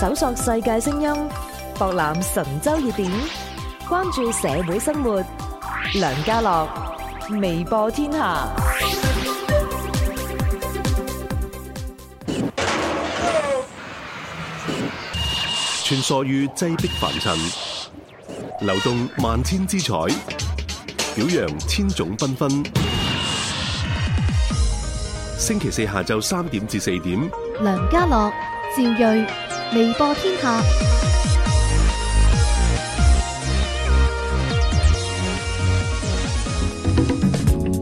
搜索世界聲音，博覽神州熱點，關注社會生活。梁家樂，微播天下。穿梭於擠迫凡塵，流動萬千姿彩，表揚千種繽紛。星期四下晝三點至四點，梁家樂、趙瑞。微播天下，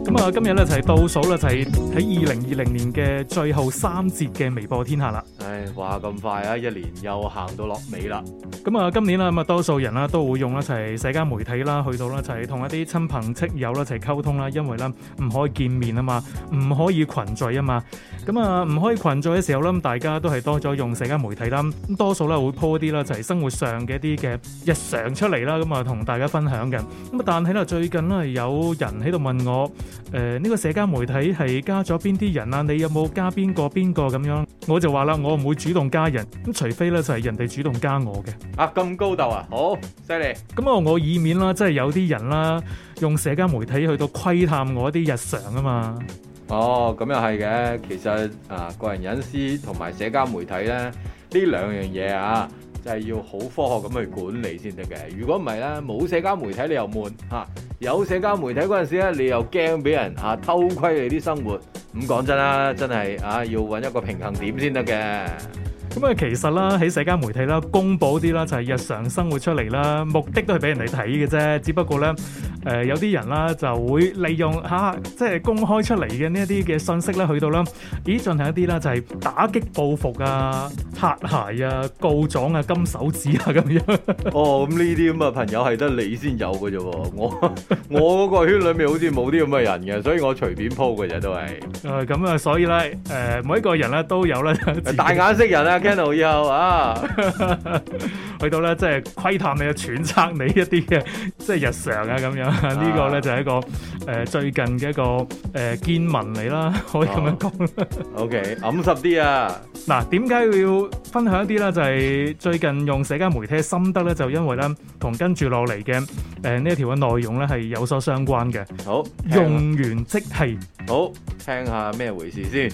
咁啊！今日咧就係倒數啦，就係喺二零二零年嘅最後三節嘅微播天下啦。唉，話咁快啊，一年又行到落尾啦。咁啊，今年啦咁啊，多數人啦都會用就係社交媒體啦，去到啦就係同一啲親朋戚友啦一齊溝通啦，因為啦唔可以見面啊嘛，唔可以群聚啊嘛。咁啊，唔可以群聚嘅時候啦，大家都係多咗用社交媒體啦。咁多數啦會 po 啲啦就係生活上嘅一啲嘅日常出嚟啦，咁啊同大家分享嘅。咁啊，但係啦最近啦有人喺度問我，誒、呃、呢、這個社交媒體係加咗邊啲人啊？你有冇加邊個邊個咁樣？我就話啦我唔會主動加人，咁除非咧就係人哋主動加我嘅。啊，咁高竇啊，好犀利。咁啊、嗯，我以免啦，即係有啲人啦，用社交媒體去到窺探我啲日常啊嘛。哦，咁又係嘅。其實啊，個人隱私同埋社交媒體咧呢兩樣嘢啊，就係、是、要好科學咁去管理先得嘅。如果唔係咧，冇社交媒體你又悶，吓、啊、有社交媒體嗰陣時咧你又驚俾人吓、啊、偷窺你啲生活。咁講真啦，真係啊，要揾一個平衡點先得嘅。咁啊，其實啦，喺社交媒體啦，公佈啲啦，就係日常生活出嚟啦，目的都係俾人哋睇嘅啫。只不過咧，誒有啲人啦，就會利用下，即係公開出嚟嘅呢一啲嘅信息啦，去到啦，咦進行一啲啦，就係打擊報復啊、擦鞋啊、告狀啊、金手指啊咁樣。哦，咁呢啲咁嘅朋友係得你先有嘅啫喎，我我嗰個圈裏面好似冇啲咁嘅人嘅，所以我隨便鋪嘅啫都係。誒咁啊，所以咧，誒每一個人咧都有咧，大眼識人啊！又啊， 去到咧即係窺探你啊，揣測你一啲嘅即係日常啊，咁樣呢、啊、個咧就係一個誒、呃、最近嘅一個誒見聞嚟啦，可以咁樣講、哦。O K，暗濕啲啊！嗱，點解要分享一啲咧？就係、是、最近用社交媒體嘅心得咧，就因為咧同跟住落嚟嘅誒呢一條嘅內容咧係有所相關嘅。好，用好，用完即棄好，聽下咩回事先。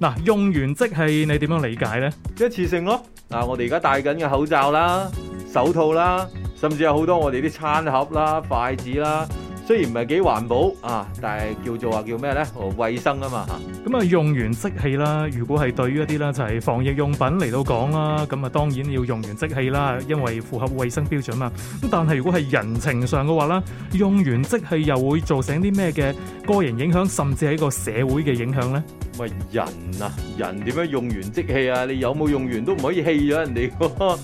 嗱，用完即棄你點樣理解咧？次性咯，嗱我哋而家戴緊嘅口罩啦、手套啦，甚至有好多我哋啲餐盒啦、筷子啦，雖然唔係幾環保啊，但係叫做話叫咩咧？哦，衛生啊嘛吓。咁啊，用完即棄啦。如果係對於一啲咧就係防疫用品嚟到講啦，咁啊當然要用完即棄啦，因為符合衛生標準嘛。咁但係如果係人情上嘅話咧，用完即棄又會造成啲咩嘅個人影響，甚至係一個社會嘅影響咧？咪人啊，人點樣用完即棄啊？你有冇用完都唔可以棄咗人哋噶、啊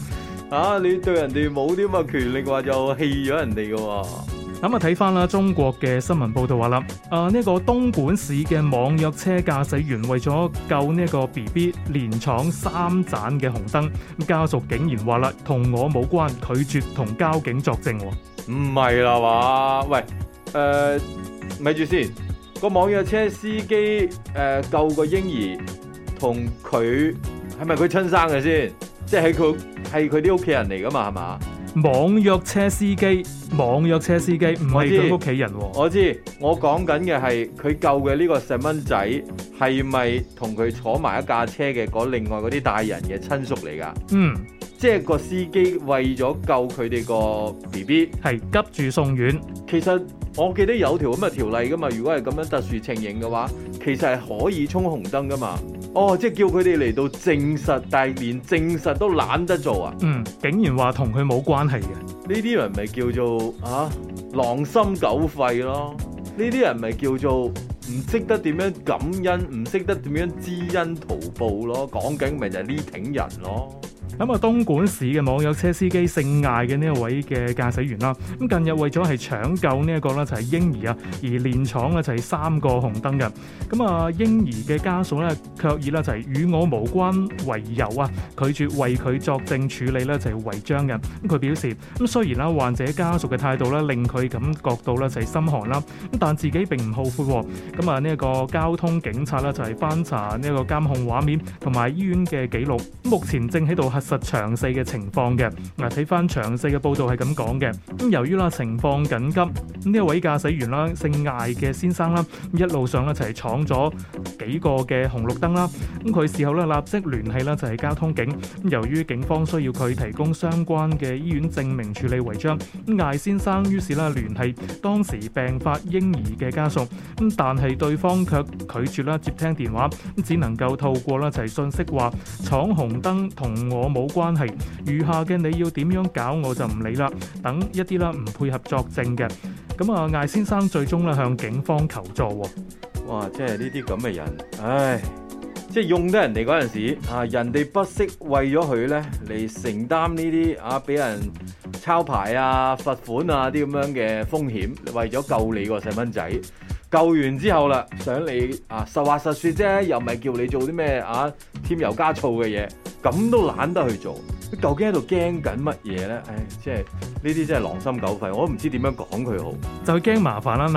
啊？你對人哋冇啲乜權力話就棄咗人哋噶、啊？咁啊睇翻啦，中國嘅新聞報道話啦，啊呢、這個東莞市嘅網約車駕駛員為咗救呢個 B B，連闖三盞嘅紅燈，咁家屬竟然話啦，同我冇關，拒絕同交警作證、啊。唔係啦嘛，喂，誒、呃，咪住先。個網約車司機誒救個嬰兒，同佢係咪佢親生嘅先？即係佢係佢啲屋企人嚟㗎嘛？係嘛？網約車司機。呃網約車司機唔係佢屋企人喎，我知。我講緊嘅係佢救嘅呢個細蚊仔，係咪同佢坐埋一架車嘅嗰另外嗰啲大人嘅親屬嚟噶？嗯，即係個司機為咗救佢哋個 B B，係急住送院。其實我記得有條咁嘅條例噶嘛，如果係咁樣特殊情形嘅話，其實係可以衝紅燈噶嘛。哦，即係叫佢哋嚟到證實，但係連證實都懶得做啊？嗯，竟然話同佢冇關係嘅。呢啲人咪叫做啊狼心狗肺咯，呢啲人咪叫做唔識得點樣感恩，唔識得點樣知恩圖報咯，講緊咪就係呢挺人咯。咁啊，東莞市嘅網約車司機姓艾嘅呢一位嘅駕駛員啦，咁近日為咗係搶救呢一個咧就係嬰兒啊，而連闖咧就係三個紅燈嘅，咁啊嬰兒嘅家屬咧卻以咧就係與我無關為由啊，拒絕為佢作證處理咧就係違章嘅。咁佢表示，咁雖然啦患者家屬嘅態度咧令佢感覺到咧就係心寒啦，咁但自己並唔後悔喎。咁啊呢一個交通警察咧就係翻查呢一個監控畫面同埋醫院嘅記錄，目前正喺度核實。詳細嘅情況嘅，嗱睇翻詳細嘅報道係咁講嘅。咁由於啦情況緊急，咁呢位駕駛員啦姓艾嘅先生啦，一路上咧就係闖咗幾個嘅紅綠燈啦。咁佢事後咧立即聯繫啦就係交通警。咁由於警方需要佢提供相關嘅醫院證明處理違章，咁艾先生於是咧聯繫當時病發嬰兒嘅家屬。咁但係對方卻拒絕啦接聽電話，只能夠透過啦就係信息話闖紅燈同我。冇關係，餘下嘅你要點樣搞我就唔理啦。等一啲啦，唔配合作證嘅，咁啊，艾先生最終咧向警方求助喎。哇！即係呢啲咁嘅人，唉，即係用得人哋嗰陣時啊，人哋不惜為咗佢咧嚟承擔呢啲啊，俾人抄牌啊、罰款啊啲咁樣嘅風險，為咗救你個細蚊仔。救完之後啦，想你啊，實話實說啫，又唔係叫你做啲咩啊，添油加醋嘅嘢，咁都懶得去做。究竟喺度驚緊乜嘢咧？誒，即係呢啲真係狼心狗肺，我都唔知點樣講佢好。就係驚麻煩啦。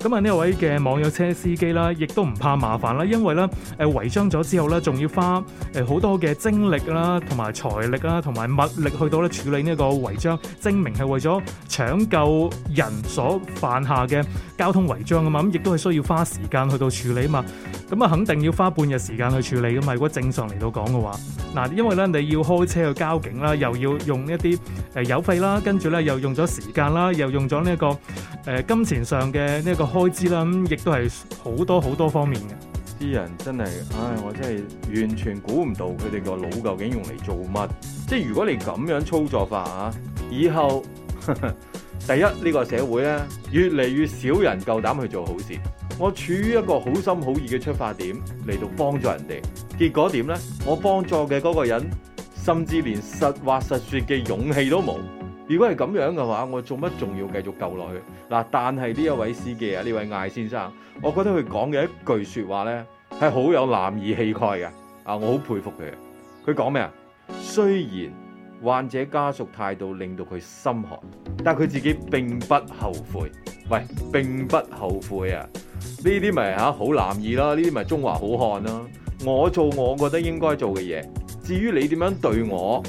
嗱，咁啊呢位嘅網約車司機啦，亦都唔怕麻煩啦，因為咧誒違章咗之後咧，仲要花誒好多嘅精力啦，同埋財力啦，同埋物力去到咧處理呢個違章，證明係為咗搶救人所犯下嘅交通違章啊嘛。咁亦都係需要花時間去到處理啊嘛。咁啊，肯定要花半日時間去處理㗎嘛。如果正常嚟到講嘅話。嗱，因為咧你要開車去交警啦，又要用一啲誒油費啦，跟住咧又用咗時間啦，又用咗呢一個誒金錢上嘅呢一個開支啦，咁亦都係好多好多方面嘅。啲人真係，唉、哎，我真係完全估唔到佢哋個腦究竟用嚟做乜？即係如果你咁樣操作法啊，以後哈哈第一呢個社會咧越嚟越少人夠膽去做好事。我處於一個好心好意嘅出發點嚟到幫助人哋，結果點呢？我幫助嘅嗰個人甚至連實話實說嘅勇氣都冇。如果係咁樣嘅話，我做乜仲要繼續救落去嗱？但係呢一位司機啊，呢 位艾先生，我覺得佢講嘅一句說話呢，係好有男兒氣概嘅啊！我好佩服佢。佢講咩啊？雖然患者家屬態度令到佢心寒，但佢自己並不後悔，喂，並不後悔啊！呢啲咪好男兒啦，呢啲咪中華好漢啦、啊。我做我覺得應該做嘅嘢，至於你點樣對我，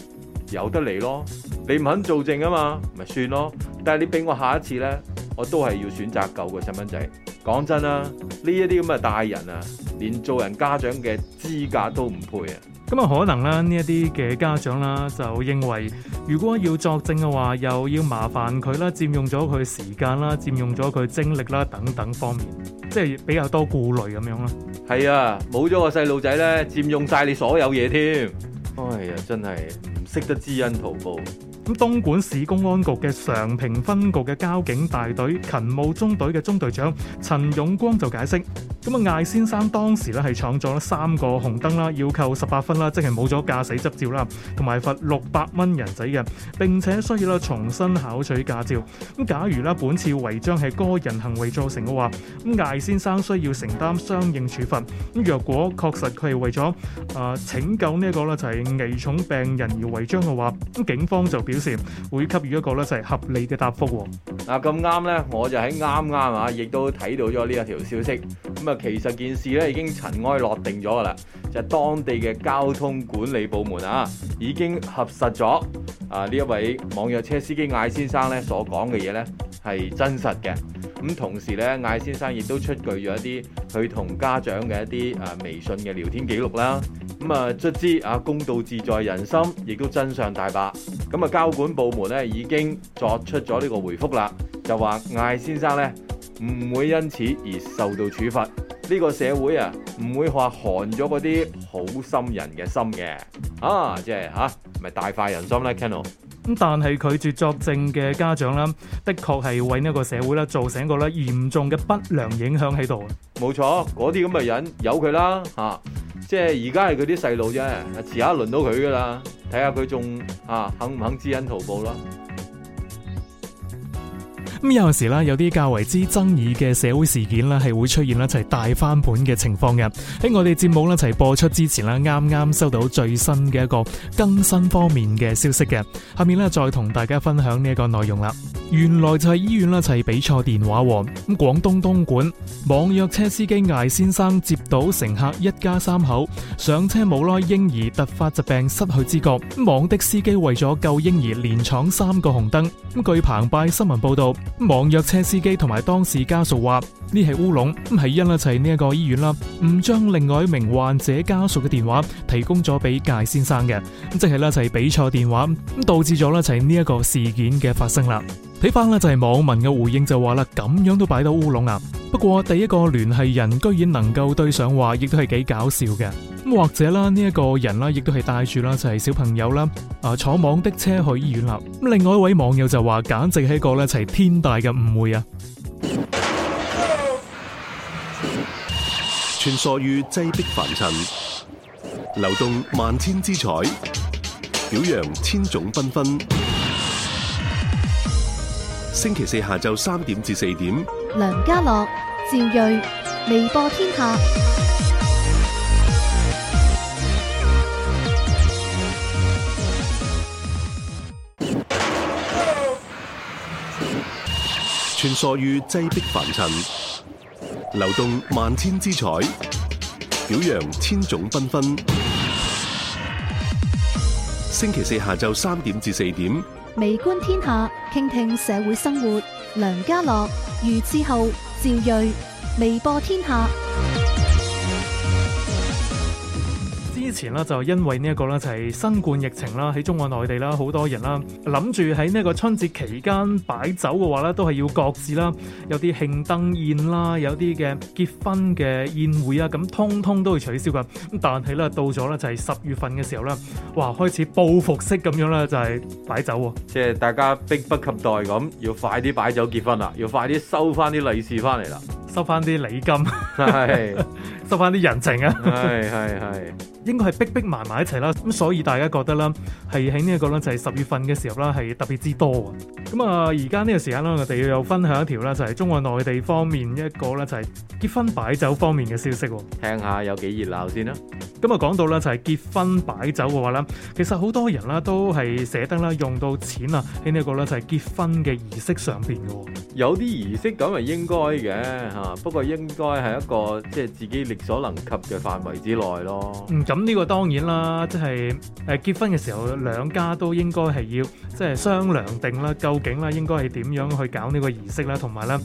由得你咯。你唔肯做證啊嘛，咪算咯。但係你俾我下一次呢，我都係要選擇救個細蚊仔。講真啦、啊，呢一啲咁嘅大人啊，連做人家長嘅資格都唔配啊！咁啊，可能啦，呢一啲嘅家長啦，就認為如果要作證嘅話，又要麻煩佢啦，佔用咗佢時間啦，佔用咗佢精力啦，等等方面，即係比較多顧慮咁樣咯。係啊，冇咗個細路仔咧，佔用晒你所有嘢添。哎呀，真係唔識得知恩圖報。咁東莞市公安局嘅常平分局嘅交警大隊勤務中隊嘅中隊長陳永光就解釋，咁啊，艾先生當時咧係闖咗三個紅燈啦，要扣十八分啦，即係冇咗駕駛執照啦，同埋罰六百蚊人仔嘅，並且需要咧重新考取駕照。咁假如咧本次違章係個人行為造成嘅話，咁艾先生需要承擔相應處罰，咁若果確實佢係為咗誒、呃、拯救呢一個咧就係危重病人而違章嘅話，咁警方就變小事會給予一個咧，就係合理嘅答覆喎。嗱咁啱呢，我就喺啱啱啊，亦都睇到咗呢一條消息。咁、嗯、啊，其實件事呢已經塵埃落定咗噶啦，就當、是、當地嘅交通管理部門啊，已經核實咗啊呢一位網約車司機艾先生呢所講嘅嘢呢，係真實嘅。咁同時咧，艾先生亦都出具咗一啲佢同家長嘅一啲啊微信嘅聊天記錄啦。咁、嗯、啊，卒之啊，公道自在人心，亦都真相大白。咁、嗯、啊，交管部門咧已經作出咗呢個回覆啦，就話艾先生咧唔會因此而受到處罰。呢、這個社會啊，唔會話寒咗嗰啲好心人嘅心嘅。啊，即係嚇，咪、啊、大快人心咧，Ken。咁但係拒絕作證嘅家長啦，的確係為呢一個社會啦造成一個咧嚴重嘅不良影響喺度。冇錯，嗰啲咁嘅人有佢啦吓，即係而家係佢啲細路啫，遲下輪到佢噶啦，睇下佢仲吓肯唔肯知恩圖報啦。咁有陣時咧，有啲較為之爭議嘅社會事件咧，係會出現一齊大翻盤嘅情況嘅。喺我哋節目咧一齊播出之前呢，啱啱收到最新嘅一個更新方面嘅消息嘅。下面呢，再同大家分享呢一個內容啦。原來就係醫院呢一齊俾錯電話喎，咁廣東東莞網約車司機艾先生接到乘客一家三口上車冇耐，嬰兒突發疾病失去知覺，網的司機為咗救嬰兒，連闖三個紅燈。咁據澎湃新聞報道。網約車司機同埋當事家屬話：呢係烏龍，咁係因就係呢一個醫院啦，唔將另外一名患者家屬嘅電話提供咗俾介先生嘅，咁即係就係俾錯電話，咁導致咗就係呢一個事件嘅發生啦。睇呢翻咧就係、是、網民嘅回應就話啦，咁樣都擺到烏龍啊！不過第一個聯繫人居然能夠對上話，亦都係幾搞笑嘅。或者啦，呢一個人啦，亦都係帶住啦就係小朋友啦，啊坐網的車去醫院啦。咁另外一位網友就話，簡直係一個咧齊天大嘅誤會啊！穿梭於擠逼凡塵，流動萬千之彩，表揚千種繽紛，紛。星期四下晝三點至四點，梁家樂、趙瑞，微播天下。穿梭於擠迫凡塵，流動萬千之彩，表揚千種繽紛，紛。 星期四下晝三點至四點。微觀天下，傾聽社會生活。梁家樂、余志浩、趙睿，微播天下。之前咧就因為呢一個咧就係新冠疫情啦，喺中國內地啦，好多人啦諗住喺呢一個春節期間擺酒嘅話咧，都係要各自啦。有啲慶燈宴啦，有啲嘅結婚嘅宴會啊，咁通通都會取消噶。咁但係咧到咗咧就係十月份嘅時候咧，哇開始報復式咁樣咧就係擺酒喎，即係大家迫不及待咁要快啲擺酒結婚啦，要快啲收翻啲利是翻嚟啦，收翻啲禮金，係是收翻啲人情啊，係係係。應該係逼逼埋埋一齊啦，咁所以大家覺得啦、這個，係喺呢一個咧就係、是、十月份嘅時候啦，係特別之多啊。咁啊，而家呢個時間啦，我哋要有分享一條啦，就係中國內地方面一個咧就係結婚擺酒方面嘅消息喎。聽下有幾熱鬧先啦。咁啊，講到咧就係結婚擺酒嘅話咧，其實好多人啦都係捨得啦用到錢啊，喺呢一個咧就係結婚嘅儀式上邊嘅。有啲儀式咁係應該嘅嚇，不過應該係一個即係、就是、自己力所能及嘅範圍之內咯。咁呢個當然啦，即係誒結婚嘅時候，兩家都應該係要即係、就是、商量定啦，究竟咧應該係點樣去搞呢個儀式啦，同埋咧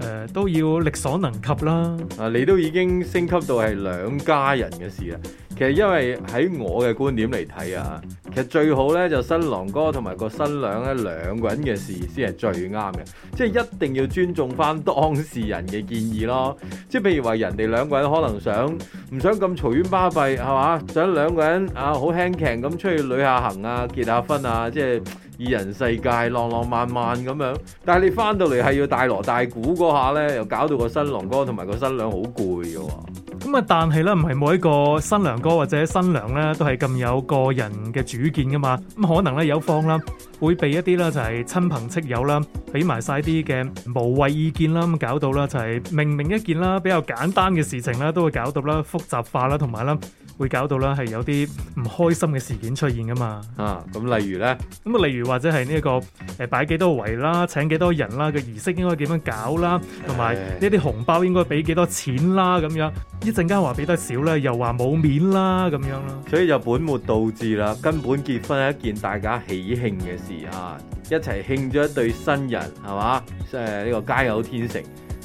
誒都要力所能及啦。啊，你都已經升級到係兩家人嘅事啦。其實因為喺我嘅觀點嚟睇啊，其實最好咧就新郎哥同埋個新娘咧兩個人嘅事先係最啱嘅，即係一定要尊重翻當事人嘅建議咯。即係譬如話人哋兩個人可能想唔想咁嘈冤巴閉係嘛？想兩個人啊好輕騎咁出去旅下行啊，結下婚啊，即係二人世界浪浪漫漫咁樣。但係你翻到嚟係要大鑼大鼓嗰下咧，又搞到個新郎哥同埋個新娘好攰嘅喎。咁啊，但係咧唔係每一個新娘哥或者新娘咧，都係咁有個人嘅主見㗎嘛。咁可能咧有方啦，會被一啲咧就係親朋戚友啦，俾埋晒啲嘅無謂意見啦，咁搞到咧就係明明一件啦比較簡單嘅事情咧，都會搞到啦複雜化啦，同埋啦。會搞到咧，係有啲唔開心嘅事件出現噶嘛？啊，咁、嗯、例如咧，咁啊，例如或者係呢一個誒，擺幾多圍啦，請幾多人啦，個儀式應該點樣搞啦，同埋呢啲紅包應該俾幾多錢啦，咁樣一陣間話俾得少咧，又話冇面啦，咁樣咯。所以就本末倒置啦，根本結婚係一件大家喜慶嘅事，一齊慶咗一對新人，係嘛，誒、這、呢個皆有天成。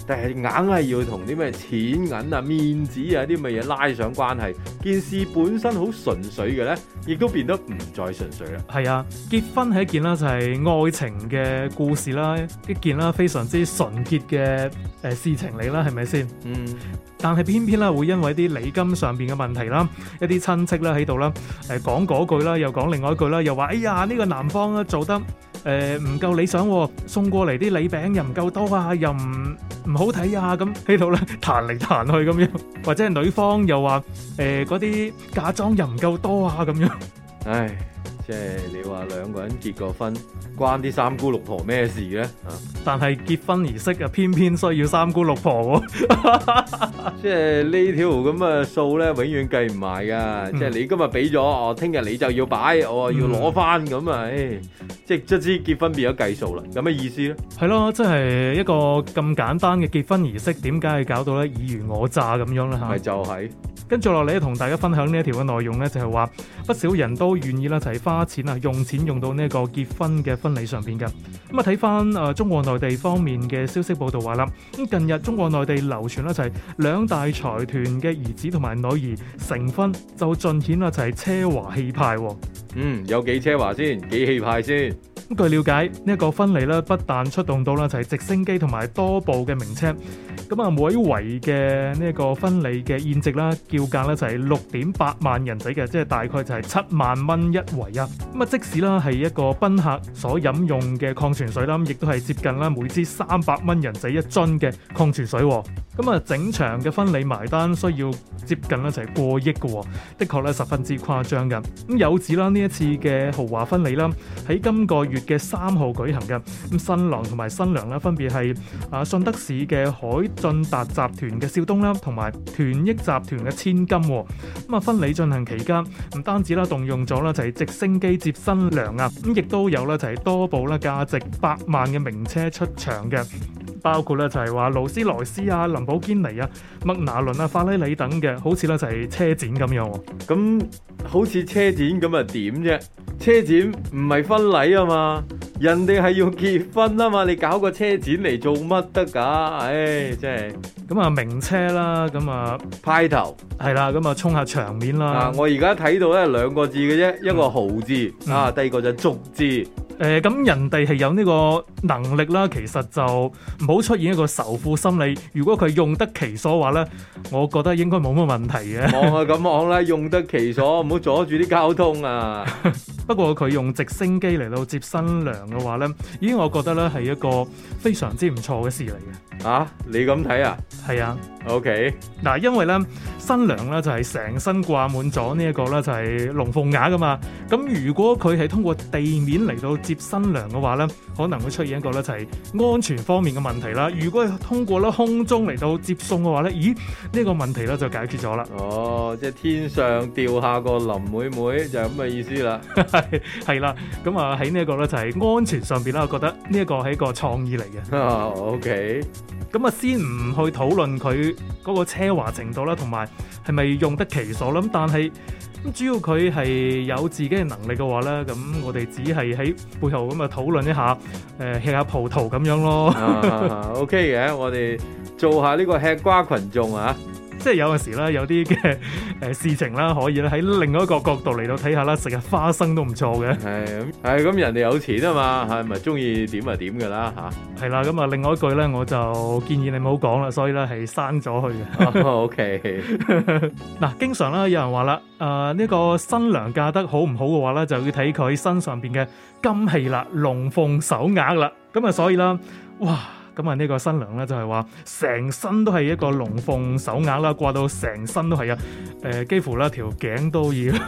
但係硬係要同啲咩錢銀啊、面子啊啲乜嘢拉上關係，件事本身好純粹嘅咧，亦都變得唔再純粹啦。係啊，結婚係一件啦，就係愛情嘅故事啦，一件啦非常之純潔嘅誒事情嚟啦，係咪先？嗯，嗯。但係偏偏啦，會因為啲禮金上邊嘅問題啦，一啲親戚啦喺度啦，誒講嗰句啦，又講另外一句啦，又話哎呀呢個男方咧做得。誒，唔夠、呃、理想、哦，送過嚟啲禮餅又唔夠多啊，又唔唔好睇啊，咁喺度咧彈嚟彈去咁樣，或者係女方又話誒，嗰、呃、啲嫁妝又唔夠多啊，咁樣。唉，即、就、係、是、你話兩個人結個婚，關啲三姑六婆咩事咧？啊、但係結婚儀式啊，偏偏需要三姑六婆、哦。 即係呢條咁嘅數咧，永遠計唔埋噶。即係你今日俾咗，我聽日你就要擺，我又要攞翻咁啊！即係即知結婚變咗計數啦，有咩意思咧？係咯，即係一個咁簡單嘅結婚儀式，點解係搞到咧爾虞我詐咁樣咧？吓、就是，咪就係。跟住落嚟同大家分享呢一條嘅內容咧，就係話不少人都願意咧，就係花錢啊，用錢用到呢一個結婚嘅婚禮上邊嘅。咁啊，睇翻誒中國內地方面嘅消息報道話啦，咁近日中國內地流傳咧就係兩大財團嘅兒子同埋女兒成婚，就盡顯啊就係奢華氣派喎。嗯，有幾奢華先，幾氣派先？咁據了解，呢、這、一個婚禮咧，不但出動到咧就係直升機同埋多部嘅名車，咁啊每一圍嘅呢一個婚禮嘅宴席啦，叫價咧就係六點八萬人仔嘅，即、就、係、是、大概就係七萬蚊一圍啊咁啊，即使啦係一個賓客所飲用嘅礦泉水啦，亦都係接近啦每支三百蚊人仔一樽嘅礦泉水。咁啊，整場嘅婚禮埋單需要接近咧就係過億嘅，的確咧十分之誇張嘅。咁有指啦呢？呢一次嘅豪華婚禮啦，喺今個月嘅三號舉行嘅。咁新郎同埋新娘咧分別係啊順德市嘅海進達集團嘅少東啦，同埋團益集團嘅千金。咁啊婚禮進行期間，唔單止啦動用咗啦，就係直升機接新娘啊，咁亦都有咧就係多部啦價值百萬嘅名車出場嘅。包括咧就係話勞斯萊斯啊、林寶堅尼啊、麥拿倫啊、法拉利、利等嘅，好似咧就係車展咁樣、哦。咁好似車展咁啊點啫？車展唔係婚禮啊嘛，人哋係要結婚啊嘛，你搞個車展嚟做乜得噶？唉、哎，真係咁啊名車啦，咁啊派頭係啦，咁啊冲下場面啦。嗱、啊、我而家睇到咧兩個字嘅啫，一個豪字、嗯、啊，第二個就足字。誒、嗯，咁、啊呃、人哋係有呢個能力啦，其實就。好出現一個仇富心理。如果佢用得其所嘅話咧，我覺得應該冇乜問題嘅。望啊，咁望啦，用得其所，唔好阻住啲交通啊。 不過佢用直升機嚟到接新娘嘅話咧，已經我覺得咧係一個非常之唔錯嘅事嚟嘅。啊，你咁睇啊？係啊。OK。嗱，因為咧新娘咧就係成身掛滿咗呢一個咧就係龍鳳鈪㗎嘛。咁如果佢係通過地面嚟到接新娘嘅話咧，可能會出現一個咧就係安全方面嘅問題啦。如果係通過咧空中嚟到接送嘅話咧，咦呢個問題咧就解決咗啦。哦，即係天上掉下個林妹妹就係咁嘅意思啦。係係啦，咁啊喺呢一個咧就係安全上邊啦，我覺得呢一個係一個創意嚟嘅。啊，OK。咁啊先唔去討論佢嗰個奢華程度啦，同埋係咪用得其所啦。但係。咁主要佢係有自己嘅能力嘅話咧，咁我哋只係喺背後咁啊討論一下，誒、呃、吃下葡萄咁樣咯、啊、 ，OK 嘅，我哋做下呢個吃瓜群眾啊。即係有陣時啦，有啲嘅誒事情啦，可以咧喺另外一個角度嚟到睇下啦，食下花生都唔錯嘅。係、哎，係咁人哋有錢啊嘛，係咪中意點啊點噶啦吓？係啦，咁啊，另外一句咧，我就建議你唔好講啦，所以咧係刪咗佢嘅。O K，嗱，經常啦，有人話啦，誒、呃、呢、呢個新娘嫁得好唔好嘅話咧，就要睇佢身上邊嘅金器啦、龍鳳手鐲啦。咁啊，所以啦，哇！咁啊呢個新娘咧就係話成身都係一個龍鳳手鐲啦，掛到成身都係啊，誒、呃、幾乎咧條頸都要。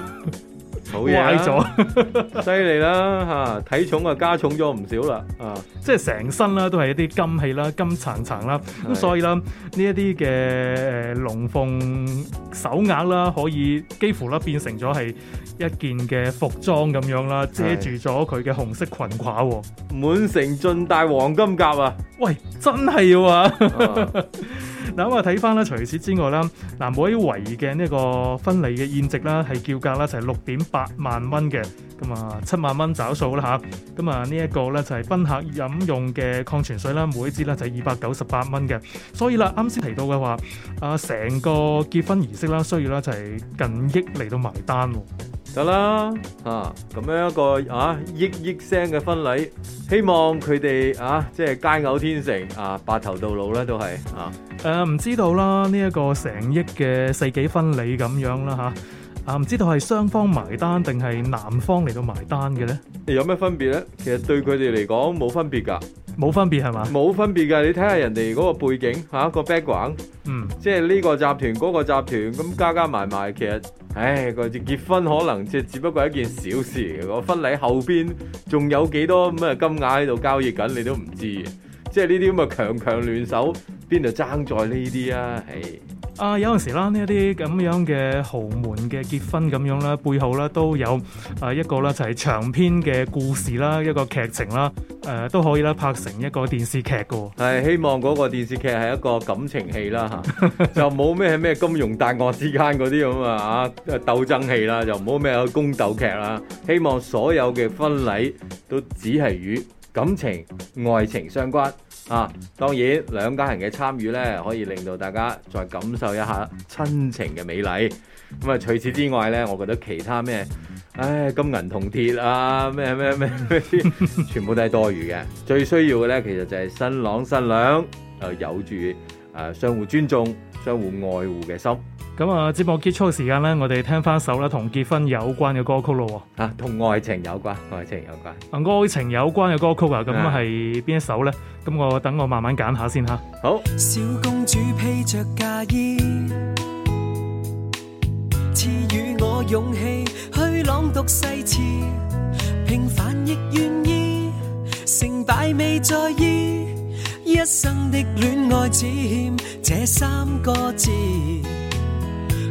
好壞咗，啊，犀利啦，吓，體重啊加重咗唔少啦，啊，啊即係成身啦都係一啲金器啦，金層層啦，咁是所以啦呢一啲嘅龍鳳手鐲啦，可以幾乎啦變成咗係一件嘅服裝咁樣啦，遮住咗佢嘅紅色裙褂，啊，滿是城盡帶黃金甲啊！喂，真係啊！啊嗱咁啊，睇翻咧，除此之外啦，嗱每一圍嘅呢個婚禮嘅宴席啦，係叫價啦，元元元就係六點八萬蚊嘅，咁啊七萬蚊找數啦吓，咁啊呢一個咧就係賓客飲用嘅礦泉水啦，每一支咧就係二百九十八蚊嘅，所以啦，啱先提到嘅話，啊成個結婚儀式啦，需要咧就係近億嚟到埋單喎。得啦，啊咁樣一個啊億億聲嘅婚禮，希望佢哋啊即係佳偶天成啊白頭到老咧，都係啊誒唔知道啦，呢一個成億嘅世紀婚禮咁樣啦吓啊唔知道係雙方埋單定係男方嚟到埋單嘅咧？有咩分別咧？其實對佢哋嚟講冇分別噶，冇分別係嘛？冇分別噶，你睇下人哋嗰個背景吓個 background，嗯，即係呢個集團嗰個集團咁加加埋埋，其實。唉，嗰結結婚可能只只不過係一件小事，個婚禮後邊仲有幾多咁金額喺度交易緊，你都唔知，即係呢啲咁啊強強聯手，邊度爭在呢啲啊？唉。啊，有陣時啦，呢一啲咁樣嘅豪門嘅結婚咁樣啦，背後啦都有啊一個啦，就係長篇嘅故事啦，一個劇情啦，誒都可以啦，拍成一個電視劇嘅。係希望嗰個電視劇係一個感情戲啦，嚇就冇咩咩金融大鱷之間嗰啲咁啊，啊鬥爭戲啦，就冇咩宮鬥劇啦。希望所有嘅婚禮都只係與感情、愛情相關。啊，當然兩家人嘅參與呢，可以令到大家再感受一下親情嘅美麗。咁啊，除此之外呢，我覺得其他咩，唉，金銀銅鐵啊，咩咩咩，全部都係多餘嘅。最需要嘅呢，其實就係新郎新娘，誒，有住誒相互尊重、相互愛護嘅心。咁啊，節目結束時間呢，我哋聽翻首啦，同結婚有關嘅歌曲咯。吓、啊，同愛情有關，愛情有關。啊，愛情有關嘅歌曲啊，咁係邊一首呢？咁我等我慢慢揀下先吓。好。小公主披着嫁衣，賜予我勇氣去朗讀誓詞，平凡亦願意，成敗未在意，一生的戀愛只欠這三個字。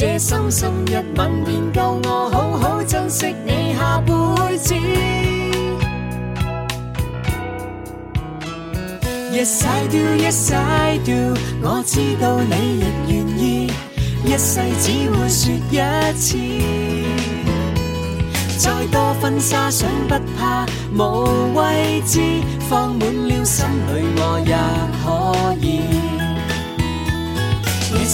這深深一吻，便夠我好好珍惜你下輩子。I do，I do，我知道你亦願意。一世只會說一次，再多婚紗，相不怕無位置，放滿了心裏，我也可以。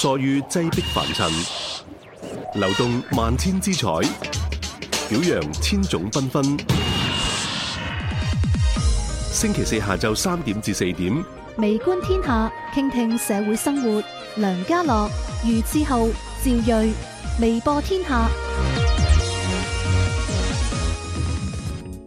疏於擠迫凡塵，流動萬千姿彩，表揚千種繽紛。星期四下晝三點至四點，微觀天下，傾聽社會生活。梁家樂、余志浩、趙睿，微播天下。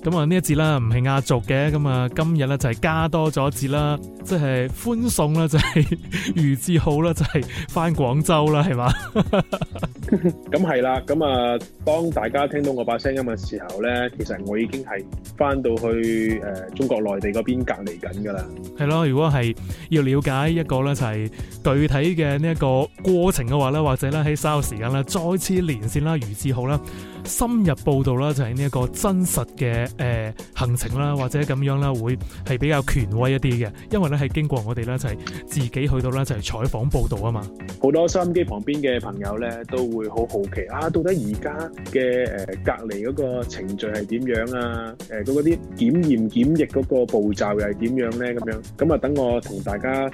咁啊呢一節啦，唔係壓軸嘅，咁啊今日咧就係加多咗一節啦，即係歡送啦，就係余志浩啦，好就係翻廣州啦，係嘛？ 咁係啦，咁 啊，當大家聽到我把聲音嘅時候咧，其實我已經係翻到去誒、呃、中國內地嗰邊隔離緊噶啦。係咯，如果係要了解一個咧就係具體嘅呢一個過程嘅話咧，或者咧喺稍後時間咧再次連線啦余志浩啦，深入報道啦就係呢一個真實嘅誒、呃、行程啦，或者咁樣啦，會係比較權威一啲嘅，因為咧係經過我哋咧就係、是、自己去到啦就係採訪報道啊嘛。好多收音機旁邊嘅朋友咧都會。會好好奇啊！到底而家嘅誒隔離嗰個程序係點樣啊？誒、呃，嗰啲檢驗檢疫嗰個步驟又係點樣咧？咁樣咁啊，等我同大家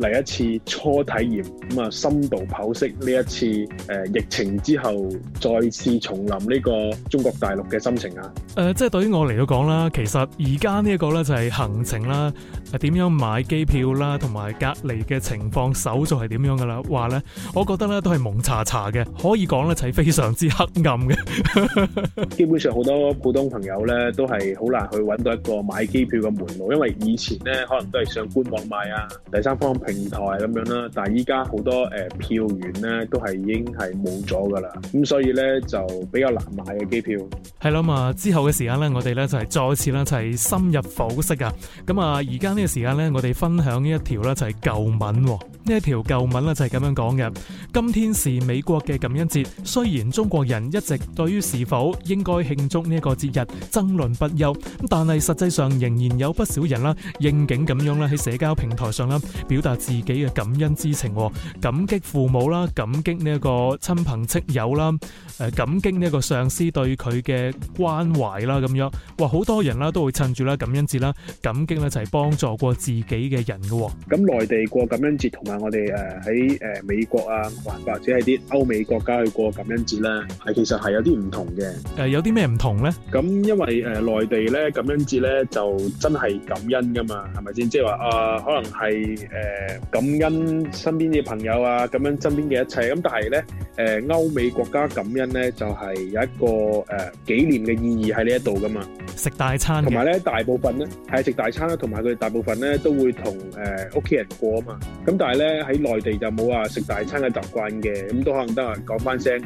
嚟一次初體驗，咁、嗯、啊深度剖析呢一次誒、呃、疫情之後再次重臨呢個中國大陸嘅心情啊！誒、呃，即係對於我嚟到講啦，其實而家呢一個咧就係行程啦，係點樣買機票啦，同埋隔離嘅情況，手續係點樣噶啦？話咧，我覺得咧都係蒙查查嘅，可以講咧，就係非常之黑暗嘅。基本上好多普通朋友咧，都係好難去揾到一個買機票嘅門路，因為以前咧可能都係上官網買啊，第三方平台咁樣啦。但係依家好多誒票源咧，都係已經係冇咗噶啦。咁所以咧就比較難買嘅機票。係啦啊，之後嘅時間咧，我哋咧就係再次啦，就係深入剖析啊。咁啊，而家呢個時間咧，我哋分享呢一條咧就係舊聞。呢一條舊文啦就係咁樣講嘅。今天是美國嘅感恩節，雖然中國人一直對於是否應該慶祝呢一個節日爭論不休，咁但係實際上仍然有不少人啦應景咁樣啦喺社交平台上啦表達自己嘅感恩之情，感激父母啦，感激呢一個親朋戚友啦，誒感激呢一個上司對佢嘅關懷啦咁樣。哇，好多人啦都會趁住啦感恩節啦感激啦就係幫助過自己嘅人嘅。咁內地過感恩節同埋。我哋誒喺誒美國啊，或或者係啲歐美國家去過感恩節咧，係其實係有啲唔同嘅。誒有啲咩唔同咧？咁因為誒內地咧感恩節咧就真係感恩噶嘛，係咪先？即係話啊，可能係誒感恩身邊嘅朋友啊，感恩身邊嘅一切。咁但係咧誒歐美國家感恩咧就係有一個誒紀念嘅意義喺呢一度噶嘛，食大餐。同埋咧大部分咧係食大餐啦，同埋佢哋大部分咧都會同誒屋企人過啊嘛。咁但係咧。咧喺內地就冇話、啊、食大餐嘅習慣嘅，咁都可能得閒講返聲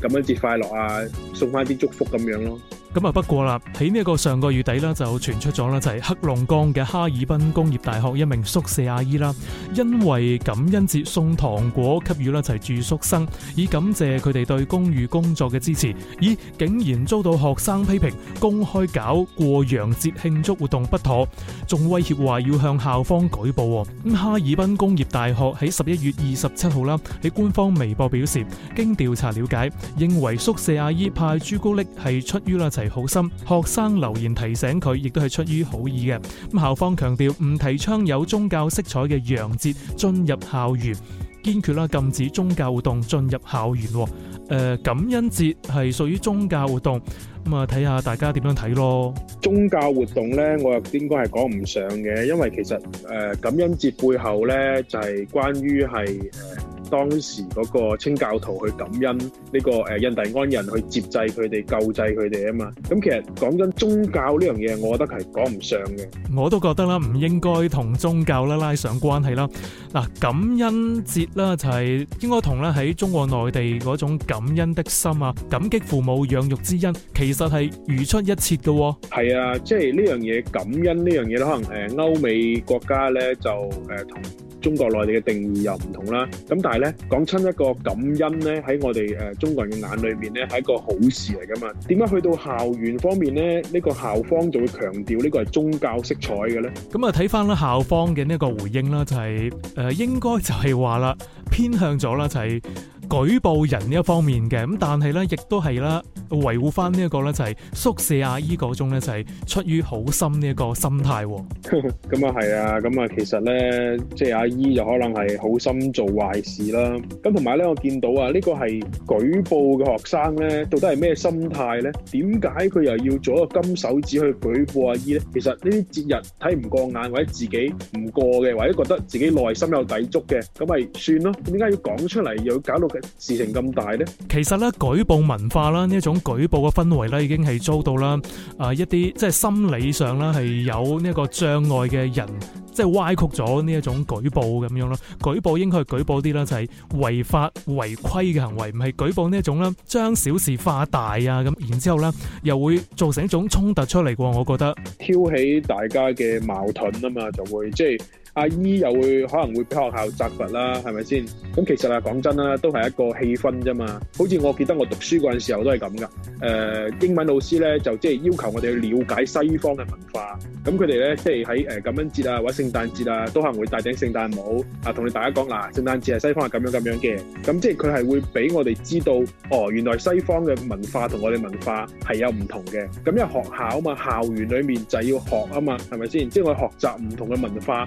誒。感恩節快樂啊，送翻啲祝福咁樣咯。咁啊，不過啦，喺呢個上個月底呢，就傳出咗啦，就係黑龍江嘅哈爾濱工業大學一名宿舍阿姨啦，因為感恩節送糖果給予啦，就係住宿生，以感謝佢哋對公寓工作嘅支持，咦，竟然遭到學生批評，公開搞過洋節慶祝活動不妥，仲威脅話要向校方舉報。咁哈爾濱工業大學喺十一月二十七號啦，喺官方微博表示，經調查了解。認為宿舍阿姨派朱古力係出於一齊好心，學生留言提醒佢，亦都係出於好意嘅。咁校方強調唔提倡有宗教色彩嘅洋節進入校園，堅決啦禁止宗教活動進入校園。誒、呃，感恩節係屬於宗教活動。咁啊，睇下大家點樣睇咯。宗教活動咧，我又應該係講唔上嘅，因為其實誒感恩節背後咧就係關於係誒當時嗰個清教徒去感恩呢個誒印第安人去接濟佢哋救濟佢哋啊嘛。咁其實講緊宗教呢樣嘢，我覺得係講唔上嘅。我都覺得啦，唔應該同宗教啦拉上關係啦。嗱，感恩節啦就係應該同咧喺中國內地嗰種感恩的心啊，感激父母養育之恩其，其實係如出一轍噶，係啊，即係呢樣嘢感恩呢樣嘢咧，可能誒歐美國家咧就誒同中國內地嘅定義又唔同啦。咁但係咧，講親一個感恩咧，喺我哋誒中國人嘅眼裏面咧係一個好事嚟噶嘛。點解去到校園方面咧，呢個校方就會強調呢個係宗教色彩嘅咧？咁啊，睇翻啦校方嘅呢一個回應啦，就係誒應該就係話啦，偏向咗啦，就係。舉報人呢一方面嘅咁，但係咧亦都係啦，維護翻呢一個咧就係宿舍阿姨嗰種咧就係出於好心呢一個心態。咁啊係啊，咁啊其實咧，即係阿姨就可能係好心做壞事啦。咁同埋咧，我見到啊，呢個係舉報嘅學生咧，到底係咩心態咧？點解佢又要做一個金手指去舉報阿姨咧？其實呢啲節日睇唔過眼或者自己唔過嘅，或者覺得自己內心有抵觸嘅，咁咪算咯。點解要講出嚟又搞到？事情咁大咧？其實咧舉報文化啦，呢一種舉報嘅氛圍咧，已經係遭到啦啊，一啲即係心理上啦係有呢一個障礙嘅人，即係歪曲咗呢一種舉報咁樣咯。舉報應該係舉報啲啦，就係違法違規嘅行為，唔係舉報呢一種啦，將小事化大啊咁，然之後咧又會造成一種衝突出嚟嘅。我覺得挑起大家嘅矛盾啊嘛，就會即係阿姨又會可能會俾學校責罰啦，係咪先？咁其實啊，講真啦，都係一。個氣氛啫嘛，好似我記得我讀書嗰陣時候都係咁噶。誒、呃，英文老師咧就即係要求我哋去了解西方嘅文化。咁佢哋咧即係喺誒感恩節啊或者聖誕節啊，都可能會戴頂聖誕帽啊，同你大家講嗱，聖誕節係西方係咁、啊、樣咁樣嘅。咁即係佢係會俾我哋知道，哦，原來西方嘅文化同我哋文化係有唔同嘅。咁因為學校啊嘛，校園裡面就係要學啊嘛，係咪先？即係我學習唔同嘅文化。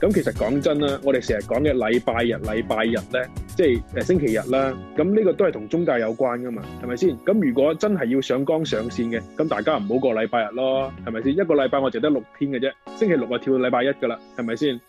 咁其實講真啦，我哋成日講嘅禮拜日、禮拜日呢，即係星期日啦。咁呢個都係同宗教有關㗎嘛，係咪先？咁如果真係要上江上線嘅，咁大家唔好過禮拜日咯，係咪先？一個禮拜我淨得六天嘅啫，星期六啊跳到禮拜一㗎啦，係咪先？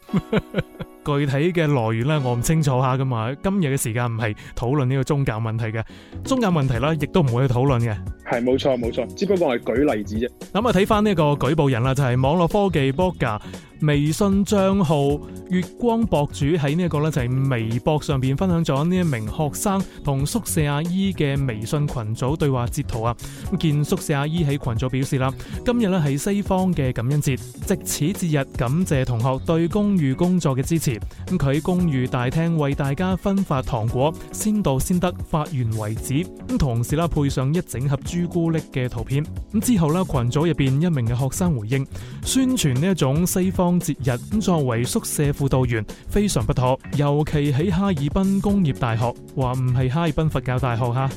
具體嘅來源呢，我唔清楚下㗎嘛。今日嘅時間唔係討論呢個宗教問題嘅，宗教問題啦，亦都唔會去討論嘅。係冇錯冇錯，只不過係舉例子啫。咁啊睇翻呢個舉報人啦，就係、是、網絡科技 Boga 微信賬號月光博主喺呢一個咧，就係微博上邊分享咗呢一名學生同宿舍阿姨嘅微信群組對話截圖啊！咁見宿舍阿姨喺群組表示啦，今日咧係西方嘅感恩節，值此節日感謝同學對公寓工作嘅支持。咁佢喺公寓大廳為大家分發糖果，先到先得，發完為止。咁同時啦，配上一整盒朱古力嘅圖片。咁之後咧，群組入邊一名嘅學生回應，宣傳呢一種西方。節日咁作為宿舍輔導員非常不妥，尤其喺哈爾濱工業大學，話唔係哈爾濱佛教大學吓。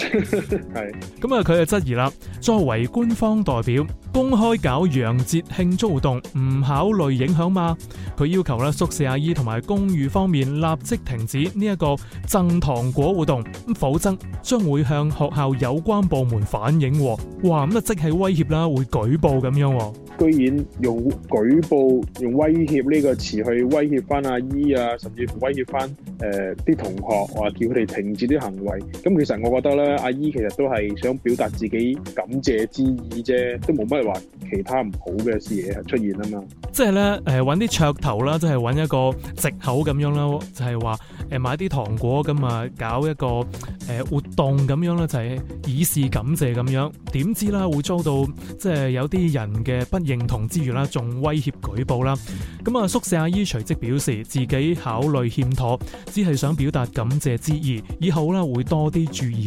係咁啊，佢就質疑啦，作為官方代表，公開搞洋節慶祝活動唔考慮影響嘛？佢要求咧，宿舍阿姨同埋公寓方面立即停止呢一個贈糖果活動，否則將會向學校有關部門反映。哇，咁啊，即係威脅啦，會舉報咁樣，居然用舉報用威脅呢個詞去威脅翻阿姨啊，甚至威脅翻誒啲同學，話叫佢哋停止啲行為。咁其實我覺得咧，阿姨其實都係想表達自己感謝之意啫，都冇乜。話其他唔好嘅事嘢出現啊嘛，即係咧，誒，揾啲噱頭啦，即係揾一個藉口咁樣啦，就係話，誒，買啲糖果咁啊，搞一個誒活動咁樣啦，就係、是、以示感謝咁樣。點知啦，會遭到即係、就是、有啲人嘅不認同之餘啦，仲威脅舉報啦。咁啊，宿舍阿姨隨即表示自己考慮欠妥，只係想表達感謝之意，以後啦會多啲注意。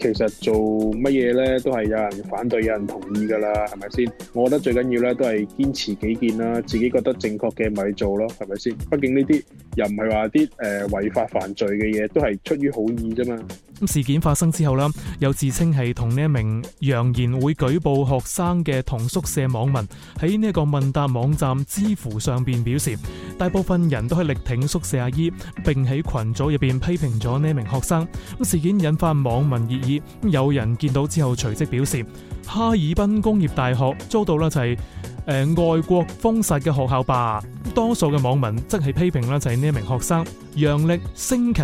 其實做乜嘢咧，都係有人反對，有人同意噶啦。係咪先？我覺得最緊要咧，都係堅持己見啦，自己覺得正確嘅咪做咯，係咪先？畢竟呢啲又唔係話啲誒違法犯罪嘅嘢，都係出於好意啫嘛。咁事件發生之後啦，有自稱係同呢一名揚言會舉報學生嘅同宿舍網民喺呢一個問答網站知乎上邊表示，大部分人都係力挺宿舍阿姨，並喺群組入邊批評咗呢名學生。咁事件引發網民熱議，有人見到之後隨即表示。哈爾濱工業大學遭到啦就係、是、誒、呃、外國封殺嘅學校吧，多數嘅網民即係批評啦就係呢一名學生，陽曆、星期、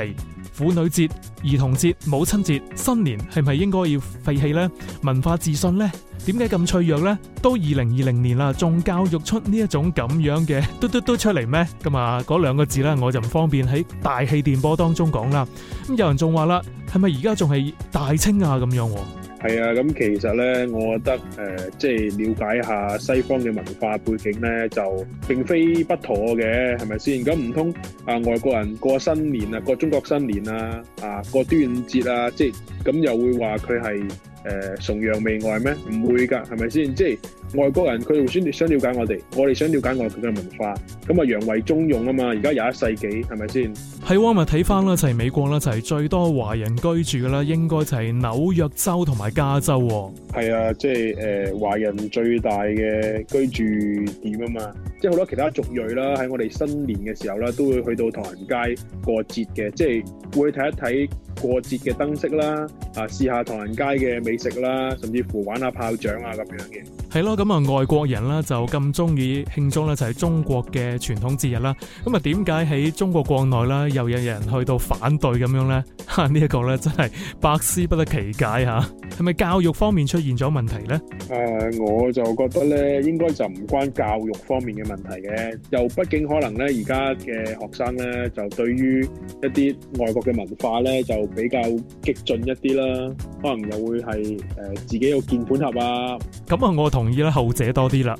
婦女節、兒童節、母親節、新年係咪應該要廢棄呢？文化自信呢？點解咁脆弱呢？都二零二零年啦，仲教育出呢一種咁樣嘅嘟嘟嘟出嚟咩？咁啊嗰兩個字啦，我就唔方便喺大氣電波當中講啦。咁有人仲話啦，係咪而家仲係大清啊咁樣？係啊，咁其實咧，我覺得誒，即係了解下西方嘅文化背景咧，就並非不妥嘅，係咪先？咁唔通啊，外國人過新年啊，過中國新年啊，啊，過端午節啊，即係咁又會話佢係。誒、呃，崇洋媚外咩？唔會噶，係咪先？即係外國人佢會先想了解我哋，我哋想了解外國嘅文化，咁啊，洋為中用啊嘛。而家廿一世紀，係咪先？喺網咪睇翻啦，就係、是、美國啦，就係最多華人居住嘅啦，應該就係紐約州同埋加州。係啊，即係誒，華人最大嘅居住點啊嘛。即係好多其他族裔啦，喺我哋新年嘅時候啦，都會去到唐人街過節嘅，即、就、係、是、會睇一睇過節嘅燈飾啦。啊！試下唐人街嘅美食啦，甚至乎玩下炮仗啊咁樣嘅。係咯，咁、嗯、啊外國人啦就咁中意慶祝咧，就係中國嘅傳統節日啦。咁啊，點解喺中國國內啦又有人去到反對咁樣咧？嚇、啊，這個、呢一個咧真係百思不得其解嚇。係、啊、咪教育方面出現咗問題咧？誒、呃，我就覺得咧應該就唔關教育方面嘅問題嘅。又畢竟可能咧而家嘅學生咧就對於一啲外國嘅文化咧就比較激進一啲啦。可能又會係誒、呃、自己有鍵盤俠啊，咁啊，我同意啦，後者多啲啦，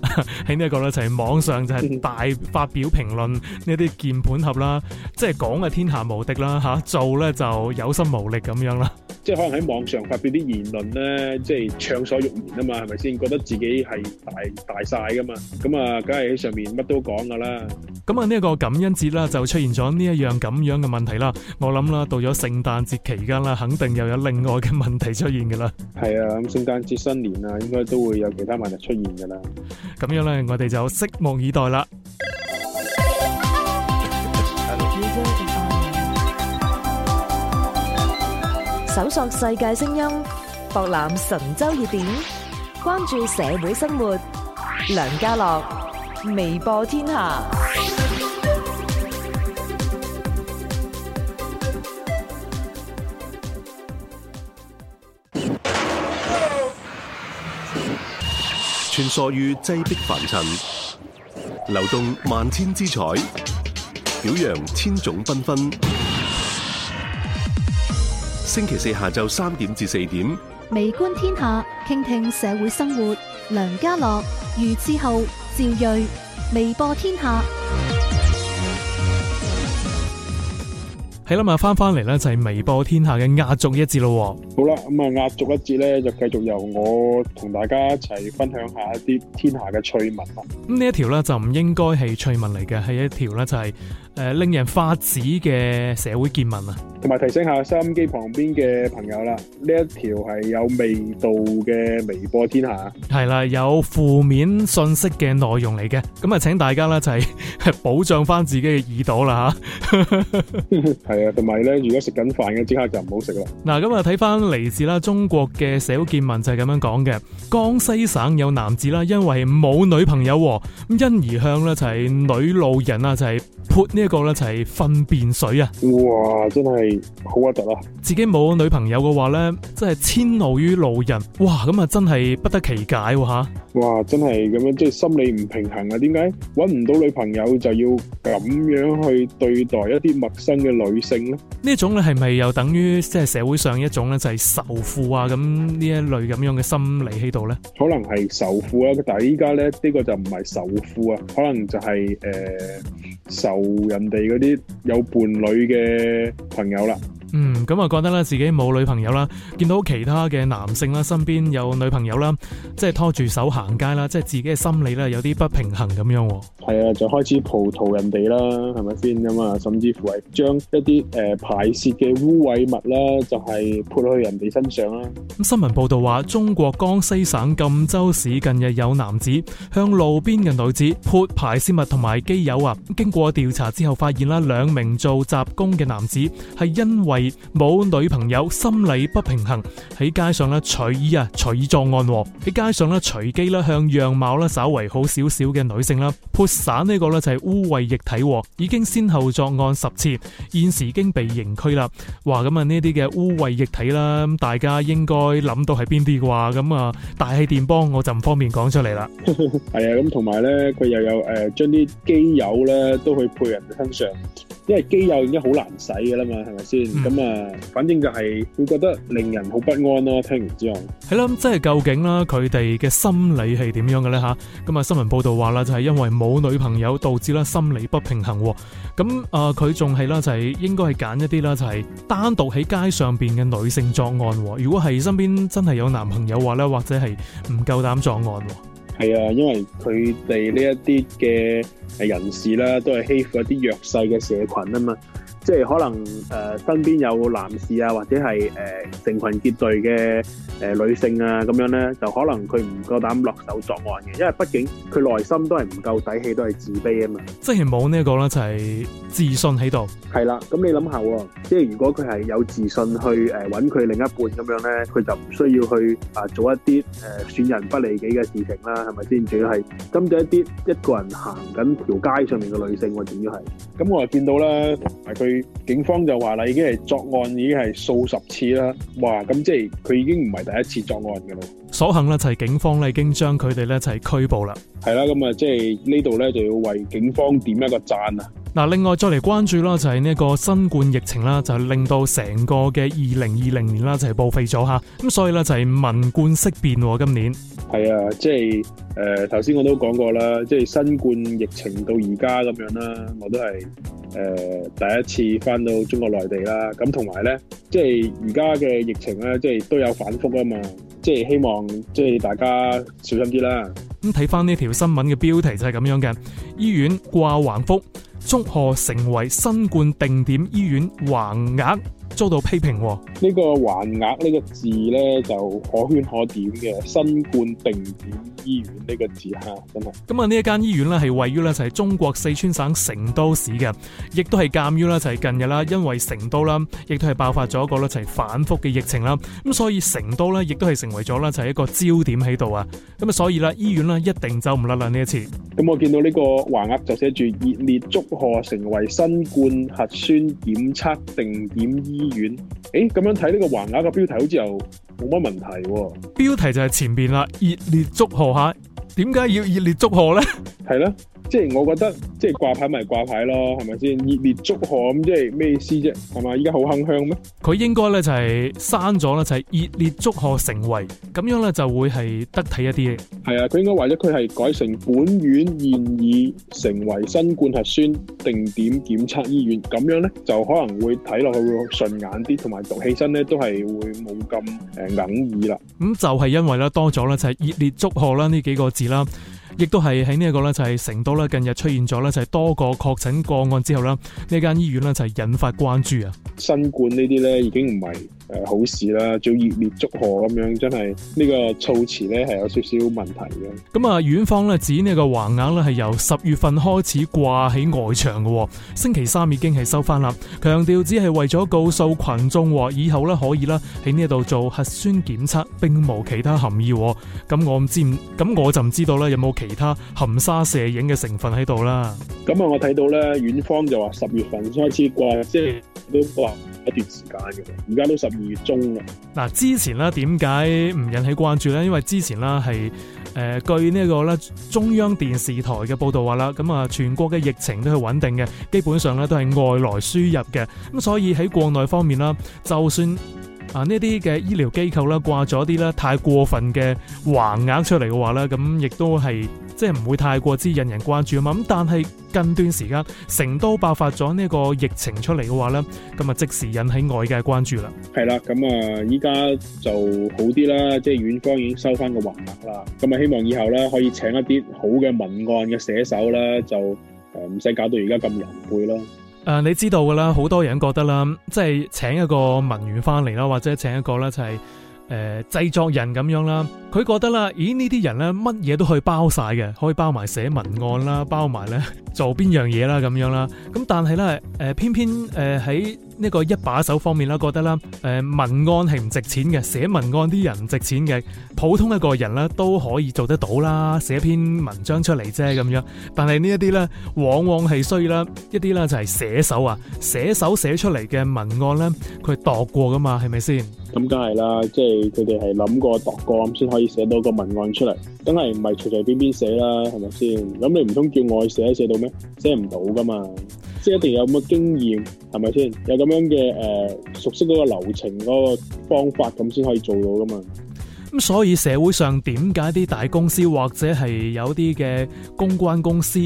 喺呢一個咧就係、是、網上就係大發表評論呢啲鍵盤俠啦，即係講嘅天下無敵啦吓，做咧就有心無力咁樣啦，即係可能喺網上發表啲言論咧，即係暢所欲言啊嘛，係咪先？覺得自己係大大晒噶嘛，咁啊，梗係喺上面乜都講噶啦。咁啊，呢一個感恩節啦，就出現咗呢一樣咁樣嘅問題啦。我諗啦，到咗聖誕節期間啦，肯定又有另外。嘅問題出現嘅啦，係啊，咁聖誕節新年啊，應該都會有其他問題出現嘅啦。咁樣咧，我哋就拭目以待啦。搜索世界聲音，博覽神州熱點，關注社會生活。梁家樂微播天下。穿梭於擠逼凡塵，流動萬千姿彩，表揚千種繽紛。星期四下晝三點至四點，微觀天下，傾聽社會生活。梁家樂、余志浩、趙睿，微播天下。喺諗下翻翻嚟咧，就係、是、微播天下嘅壓軸一節咯。好啦，咁啊壓軸一節咧，就繼續由我同大家一齊分享一下一啲天下嘅趣聞咯。咁呢一條咧就唔應該係趣聞嚟嘅，係一條咧就係、是、誒、呃、令人髮指嘅社會見聞啊！同埋提醒下收音機旁邊嘅朋友啦，呢一條係有味道嘅微播天下，係啦，有負面信息嘅內容嚟嘅，咁啊，請大家啦就係、是、保障翻自己嘅耳朵啦吓。係啊，同埋咧，如果食緊飯嘅即刻就唔好食、啊、啦。嗱，咁啊睇翻嚟自啦中國嘅社會見聞就係咁樣講嘅，江西省有男子啦，因為冇女朋友咁、喔、因而向咧就係、是、女路人啊就係、是、潑呢一個咧就係、是、糞便水啊！哇，真係～好核突啊！自己冇女朋友嘅話咧，真係遷怒於路人哇！咁啊，真係不得其解吓啊？啊，哇！真係咁樣，即係心理唔平衡啊？點解搵唔到女朋友就要咁樣去對待一啲陌生嘅女性咧？呢種咧，係咪又等於即係社會上一種咧，就係仇富啊？咁呢一類咁樣嘅心理喺度咧？可能係仇富啊，但係依家咧呢個就唔係仇富啊，可能就係誒仇人哋嗰啲有伴侶嘅朋友。有了。嗯，咁啊覺得咧自己冇女朋友啦，見到其他嘅男性啦，身邊有女朋友啦，即係拖住手行街啦，即係自己嘅心理咧有啲不平衡咁樣。係啊，就開始葡萄人哋啦，係咪先咁啊？甚至乎係將一啲誒排泄嘅污穢物啦，就係潑去人哋身上啦。咁新聞報道話，中國江西省贛州市近日有男子向路邊嘅女子潑排泄物同埋機油啊。經過調查之後發現啦，兩名做雜工嘅男子係因為。冇女朋友，心理不平衡，喺街上咧隨意啊隨意作案喎，喺街上咧隨機咧向樣貌咧稍為好少少嘅女性啦潑灑呢個咧就係污穢液體，已經先後作案十次，現時已經被刑拘啦。話咁啊呢啲嘅污穢液體啦，大家應該諗到係邊啲啩？咁啊大氣電波我就唔方便講出嚟啦。係啊， 咁同埋咧佢又有誒將啲機油咧都去潑人身上。因為機油已經好難使噶啦嘛，係咪先？咁啊， 反正就係會覺得令人好不安咯、啊。聽完之後，係啦，即係究竟啦，佢哋嘅心理係點樣嘅咧？吓，咁啊，新聞報道話啦，就係因為冇女朋友導致啦心理不平衡。咁啊，佢仲係啦，就係、是、應該係揀一啲啦，就係單獨喺街上邊嘅女性作案。如果係身邊真係有男朋友話咧，或者係唔夠膽作案。係啊，因為佢哋呢一啲嘅人士啦，都係欺負一啲弱勢嘅社群啊嘛。即係可能誒、呃、身邊有男士啊，或者係誒、呃、成群結隊嘅誒、呃、女性啊咁樣咧，就可能佢唔夠膽落手作案嘅，因為畢竟佢內心都係唔夠底氣，都係自卑啊嘛。即係冇呢一個咧，就係、是、自信喺度。係啦，咁你諗下喎，即係如果佢係有自信去誒揾佢另一半咁樣咧，佢就唔需要去啊做一啲誒損人不利己嘅事情啦，係咪先？主要係針對一啲一個人行緊條街上面嘅女性、啊、我仲要係。咁我啊見到咧，係佢。警方就話啦，已經係作案，已經係數十次啦。哇，咁即係佢已經唔係第一次作案噶啦。所幸啦，就係、是、警方咧已經將佢哋咧就係、是、拘捕啦。係啦，咁啊，即係呢度咧就要為警方點一個讚啊！嗱，另外再嚟關注啦，就係呢個新冠疫情啦，就係令到成個嘅二零二零年啦，就係報廢咗吓咁，所以咧就係聞冠色變今年係啊，即係誒，頭先我都講過啦，即係新冠疫情到而家咁樣啦，我都係誒第一次翻到中國內地啦。咁同埋咧，即係而家嘅疫情咧，即係都有反復啊嘛，即係希望即係大家小心啲啦。咁睇翻呢條新聞嘅標題就係咁樣嘅，醫院掛橫幅。祝賀成為新冠定點醫院橫額。遭到批評、啊，呢個橫額呢個字呢，就可圈可點嘅，新冠定點醫院呢個字吓、啊，真係。咁啊呢一間醫院呢，係位於呢，就係、是、中國四川省成都市嘅，亦都係鑒於呢，就係、是、近日啦，因為成都啦亦都係爆發咗一個呢就係、是、反覆嘅疫情啦，咁所以成都呢，亦都係成為咗呢，就係、是、一個焦點喺度啊。咁啊所以啦，醫院呢，一定走唔甩啦呢一次。咁我見到呢個橫額就寫住熱烈祝賀成為新冠核酸檢測定點醫。遠，誒、欸，咁樣睇呢個橫額嘅標題好似又冇乜問題、啊。標題就係前邊啦，熱烈祝賀下，點解要熱烈祝賀咧？係啦。即係我覺得，即係掛牌咪掛牌咯，係咪先？熱烈祝賀咁，即係咩意思啫？係嘛，依家好鏗鏘咩？佢應該咧就係刪咗啦，就係熱烈祝賀成為咁樣咧，就會係得體一啲嘅。係啊，佢應該為咗佢係改成本院現已成為新冠核酸定點檢測醫院，咁樣咧就可能會睇落去會順眼啲，同埋讀起身咧都係會冇咁誒梗耳啦。咁就係因為咧多咗啦就係熱烈祝賀啦呢幾個字啦。亦都係喺呢一個咧，就係成都咧，近日出現咗咧，就係多個確診個案之後啦，呢間醫院咧就係引發關注啊！新冠呢啲咧已經唔係。誒，好事啦，仲要熱烈祝賀咁樣，真係呢個措辭咧係有少少問題嘅。咁啊，院方咧指個橫呢個橫額咧係由十月份開始掛起外牆嘅，哦，星期三已經係收翻啦。強調只係為咗告訴群眾話，哦，以後咧可以啦喺呢度做核酸檢測，並無其他含義，哦。咁，嗯，我唔知，咁，嗯嗯，我就唔知道啦，有冇其他含沙射影嘅成分喺度啦？咁啊，我睇到咧院方就話十月份開始掛，即、就、係、是、都掛。一段時間嘅，而家都十二月中啦。嗱，之前咧點解唔引起關注呢？因為之前咧係誒，據呢個咧中央電視台嘅報道話啦，咁啊全國嘅疫情都係穩定嘅，基本上咧都係外來輸入嘅。咁所以喺國內方面啦，就算啊呢啲嘅醫療機構啦掛咗啲咧太過分嘅橫額出嚟嘅話咧，咁亦都係。即係唔會太過之引人關注啊嘛，咁但係近段時間成都爆發咗呢個疫情出嚟嘅話呢，咁啊即時引起外界關注啦。係啦，咁啊依家就好啲啦，即係遠方已經收翻個畫額啦。咁啊希望以後呢，可以請一啲好嘅文案嘅寫手呢，就誒唔使搞到而家咁狼狽咯。誒、呃，你知道嘅啦，好多人覺得啦，即係請一個文員翻嚟啦，或者請一個咧就係、是。誒、呃、製作人咁樣啦，佢覺得啦，咦呢啲人咧，乜嘢都可以包晒嘅，可以包埋寫文案啦，包埋咧做邊樣嘢啦咁樣啦，咁但係咧，誒、呃、偏偏誒喺。呃呢個一把手方面啦，覺得啦，誒、呃、文案係唔值錢嘅，寫文案啲人唔值錢嘅，普通一個人啦都可以做得到啦，寫篇文章出嚟啫咁樣。但係呢一啲咧，往往係需啦一啲啦就係寫手啊，寫手寫出嚟嘅文案咧，佢度過噶嘛，係咪先？咁梗係啦，即係佢哋係諗過度過咁先可以寫到個文案出嚟，梗係唔係隨隨便便便寫啦，係咪先？咁你唔通叫我寫寫到咩？寫唔到噶嘛。一定有咁嘅經驗，係咪先？有咁樣嘅誒，熟悉嗰個流程、嗰個方法，咁先可以做到噶嘛？咁所以社會上點解啲大公司或者係有啲嘅公關公司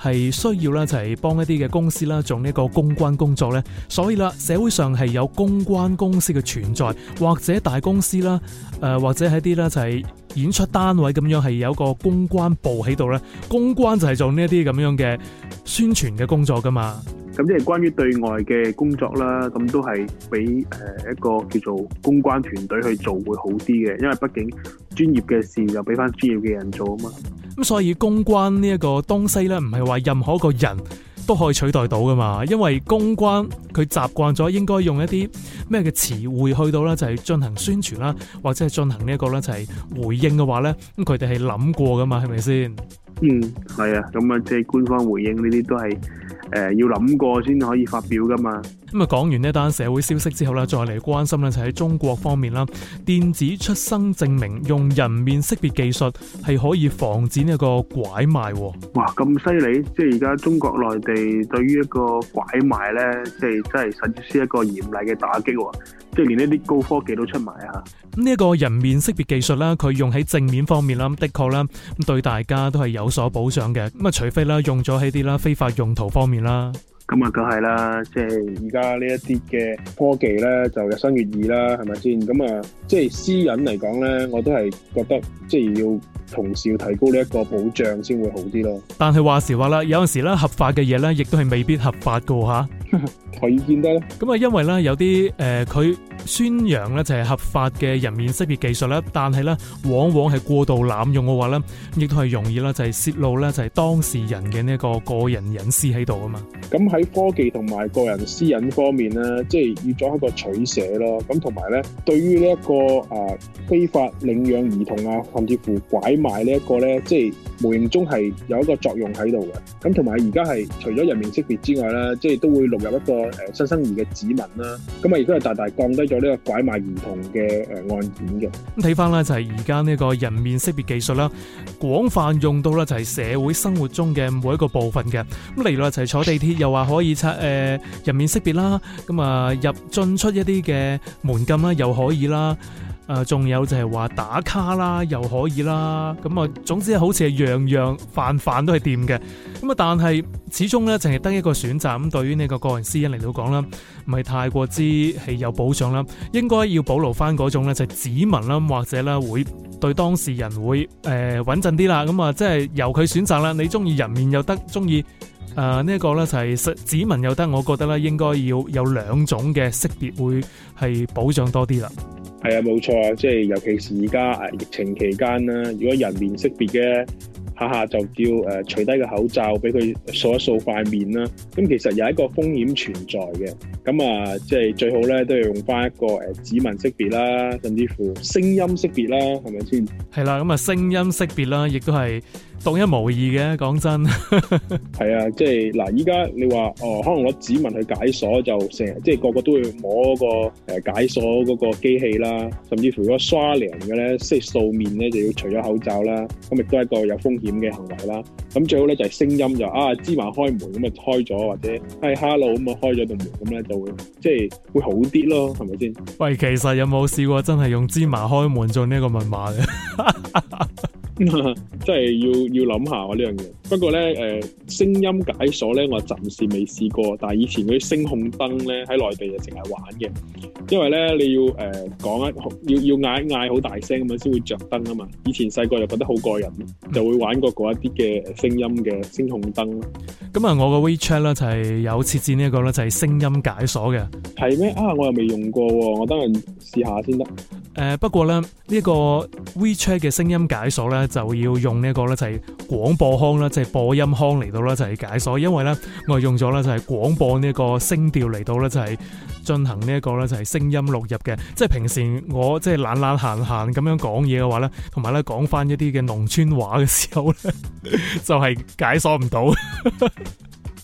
係需要咧，就係幫一啲嘅公司啦做呢個公關工作咧？所以啦，社會上係有公關公司嘅存在，或者大公司啦，誒，或者係啲咧就係。演出單位咁樣係有個公關部喺度咧，公關就係做呢一啲咁樣嘅宣傳嘅工作㗎嘛。咁即係關於對外嘅工作啦，咁都係俾誒一個叫做公關團隊去做會好啲嘅，因為畢竟專業嘅事就俾返專業嘅人做啊嘛。咁所以公關呢一個東西咧，唔係話任何一個人，都可以取代到噶嘛，因為公關佢習慣咗應該用一啲咩嘅詞彙去到咧，就係進行宣傳啦，或者係進行呢一個咧，就係回應嘅話呢。咁佢哋係諗過噶嘛，係咪先？嗯，係啊，咁啊，即係官方回應呢啲都係誒、呃、要諗過先可以發表噶嘛。咁啊，講完呢單社會消息之後咧，再嚟關心咧就喺中國方面啦。電子出生證明用人面識別技術係可以防止呢個拐賣。哇，咁犀利！即係而家中國內地對於一個拐賣咧，即係真係實施是一個嚴厲嘅打擊。即係連呢啲高科技都出埋啊！呢一個人面識別技術啦，佢用喺正面方面啦，的確啦，對大家都係有所保障嘅。咁啊，除非啦，用咗喺啲啦非法用途方面啦。咁啊，梗係啦，即係而家呢一啲嘅科技咧，就日新月異啦，係咪先？咁啊，即係私隱嚟講咧，我都係覺得，即係要同時要提高呢一個保障，先會好啲咯。但係話時話啦，有陣時咧，合法嘅嘢咧，亦都係未必合法噶吓。可以見得咯。咁啊， 因為咧有啲誒，佢宣揚咧就係合法嘅人面識別技術咧，但係咧往往係過度濫用嘅話咧，亦都係容易啦，就係洩露咧，就係當事人嘅呢一個個人隱私喺度啊嘛。咁係。喺科技同埋個人私隱方面咧，即係要作一個取捨咯。咁同埋咧，對於呢一個誒非法領養兒童啊，甚至乎拐賣呢一個咧，即係。無形中係有一個作用喺度嘅，咁同埋而家係除咗人面識別之外啦，即係都會錄入一個誒新生兒嘅指紋啦，咁啊而家係大大降低咗呢個拐賣兒童嘅誒案件嘅。咁睇翻咧就係而家呢個人面識別技術啦，廣泛用到啦就係社會生活中嘅每一個部分嘅。咁例如話，一齊坐地鐵又話可以測誒人面識別啦，咁啊入進出一啲嘅門禁啦又可以啦。啊，仲、呃、有就係話打卡啦，又可以啦，咁啊，總之好似係樣樣泛泛都係掂嘅，咁啊，但係始終呢，淨係得一個選擇，咁對於呢個個人私隱嚟到講啦，唔係太過之係有保障啦，應該要保留返嗰種呢就係指紋啦，或者呢會對當事人會誒、呃、穩陣啲啦，咁啊，即係由佢選擇啦，你中意人面又得，中意。誒，呢一、呃，這個咧就係指紋又得，我覺得咧應該要有兩種嘅識別會係保障多啲啦。係啊，冇錯啊，即係尤其是而家誒疫情期間啦，如果人面識別嘅下下就叫誒除低個口罩俾佢掃一掃塊面啦，咁其實有一個風險存在嘅。咁啊，即係最好咧都要用翻一個誒指紋識別啦，甚至乎聲音識別啦，係咪先？係啦、啊，咁啊聲音識別啦，亦都係獨一無二嘅，講真係 啊，即係嗱，依家你話哦，可能攞指紋去解鎖就成日即係個個都會摸、個誒解鎖嗰個機器啦，甚至乎如果刷臉嘅咧，即係素面咧就要除咗口罩啦，咁亦都係一個有風險嘅行為啦。咁最好咧就係、是、聲音就啊芝麻開門咁啊開咗，或者係、哎、hello 咁啊開咗道門咁咧就會即係會好啲咯，係咪先？喂，其實有冇試過真係用芝麻開門做這個文碼呢個密碼嘅？ 即係 要要諗下喎呢樣嘢。不過咧，誒、呃，聲音解鎖咧，我暫時未試過。但係以前嗰啲聲控燈咧，喺內地就淨係玩嘅。因為咧，你要誒講、呃、一，要要嗌嗌好大聲咁樣，先會着燈啊嘛。以前細個就覺得好過癮，嗯、就會玩過嗰一啲嘅聲音嘅聲控燈。咁啊，我 We 個 WeChat 咧就係有設置呢一個咧，就係聲音解鎖嘅。係咩？啊，我又未用過，我等陣試下先得。誒、呃，不過咧呢、這個 WeChat 嘅聲音解鎖咧。就要用呢個咧就係廣播腔啦，即係播音腔嚟到咧就係解鎖，因為咧我用咗咧就係廣播呢個聲調嚟到咧就係進行呢一個咧就係聲音錄入嘅，即係平時我即係懶懶閒閒咁樣講嘢嘅話咧，同埋咧講翻一啲嘅農村話嘅時候咧就係解鎖唔到。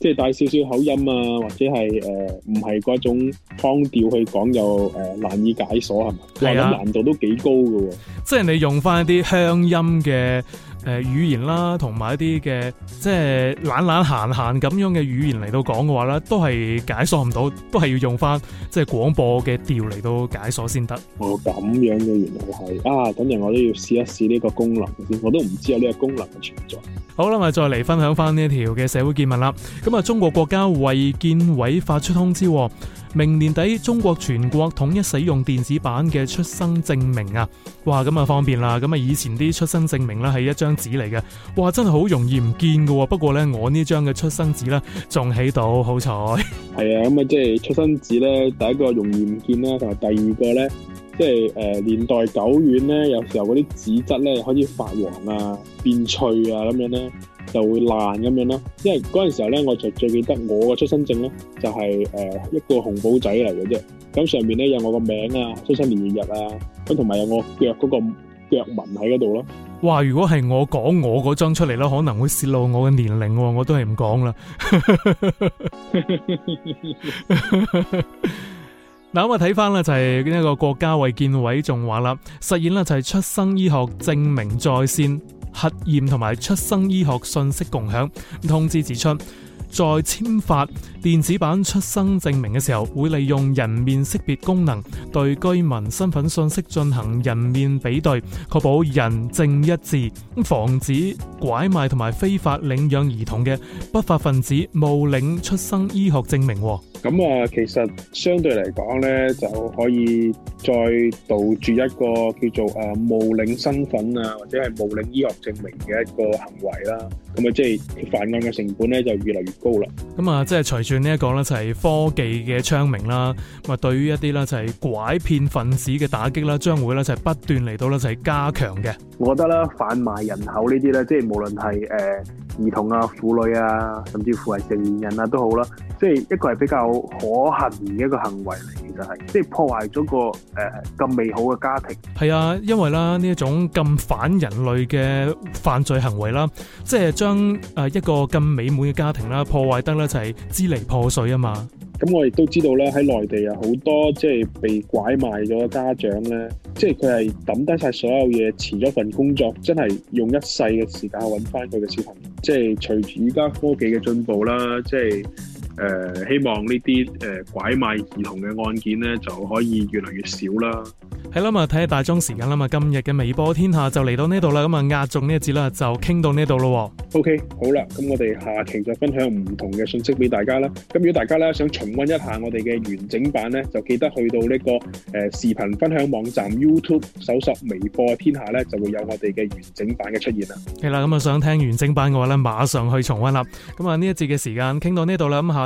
即係帶少少口音啊，或者係誒唔係嗰種腔調去講又誒、呃、難以解鎖係咪？係啊，難度都幾高㗎喎，即係你用翻一啲鄉音嘅，誒語言啦，同埋一啲嘅即係懶懶閒閒咁樣嘅語言嚟到講嘅話咧，都係解鎖唔到，都係要用翻即係廣播嘅調嚟到解鎖先得。哦，咁樣嘅原來係啊，咁樣我都要試一試呢個功能先，我都唔知有呢個功能嘅存在。好啦，咪再嚟分享翻呢一條嘅社會見聞啦。咁啊，中國國家衛建委發出通知，哦。明年底，中國全國統一使用電子版嘅出生證明啊！哇，咁啊方便啦！咁啊，以前啲出生證明咧係一張紙嚟嘅，哇，真係好容易唔見㗎喎。不過呢，我呢張嘅出生紙呢，仲喺度，好彩。係啊，咁啊，即係出生紙呢，第一個容易唔見啦，同埋第二個呢。即係誒、呃，年代久遠咧，有時候嗰啲紙質咧開始發黃啊、變脆啊咁樣咧，就會爛咁樣咯。因為嗰陣時候咧，我就最，最記得我嘅出生證咧，就係、是、誒、呃、一個紅寶仔嚟嘅啫。咁上面咧有我個名啊、出生年月日啊，咁同埋有我腳嗰個腳紋喺嗰度咯。哇！如果係我講我嗰張出嚟咧，可能會泄露我嘅年齡，啊，我都係唔講啦。 嗱咁啊，睇翻啦，就係呢一個國家衛健委仲話啦，實現啦就係出生醫學證明在線核驗同埋出生醫學信息共享通知指出。在簽發電子版出生證明嘅時候，會利用人面識別功能對居民身份信息進行人面比對，確保人證一致，防止拐賣同埋非法領養兒童嘅不法分子冒領出生醫學證明。咁啊，其實相對嚟講呢，就可以再杜絕一個叫做誒冒領身份啊，或者係冒領醫學證明嘅一個行為啦。咁啊，即係犯案嘅成本咧，就越嚟越。咁啊，即係隨住呢一個咧，就係科技嘅昌明啦，咁啊，對於一啲咧就係拐騙分子嘅打擊啦，將會咧就係不斷嚟到咧就係加強嘅。我覺得咧販賣人口呢啲咧，即係無論係誒兒童啊、婦女啊，甚至乎係成人啊都好啦，即係一個係比較可行嘅一個行為嚟，其實係即係破壞咗個誒咁、呃、美好嘅家庭。係啊，因為啦，呢一種咁反人類嘅犯罪行為啦，即係將誒一個咁美滿嘅家庭啦破壞得咧就係支離破碎啊嘛。咁我亦都知道啦，喺內地啊好多即係被拐賣咗嘅家長咧，即係佢係抌低晒所有嘢，辭咗份工作，真係用一世嘅時間揾翻佢嘅小朋友。即係隨住而家科技嘅進步啦，即係。誒、呃，希望呢啲誒拐賣兒童嘅案件咧就可以越嚟越少啦。係啦，嘛睇下大鐘時間啦嘛，今日嘅微播天下就嚟到這裡了，嗯、這呢度啦，咁啊壓中呢一節啦，就傾到呢度咯。OK，好啦，咁我哋下期再分享唔同嘅信息俾大家啦。咁如果大家咧想重溫一下我哋嘅完整版咧，就記得去到呢、這個誒、呃、視頻分享網站 YouTube 搜索微播天下咧，就會有我哋嘅完整版嘅出現啦。係啦，咁、嗯、啊想聽完整版嘅話咧，馬上去重溫啦。咁啊呢一節嘅時間傾到呢度啦，咁、嗯、下。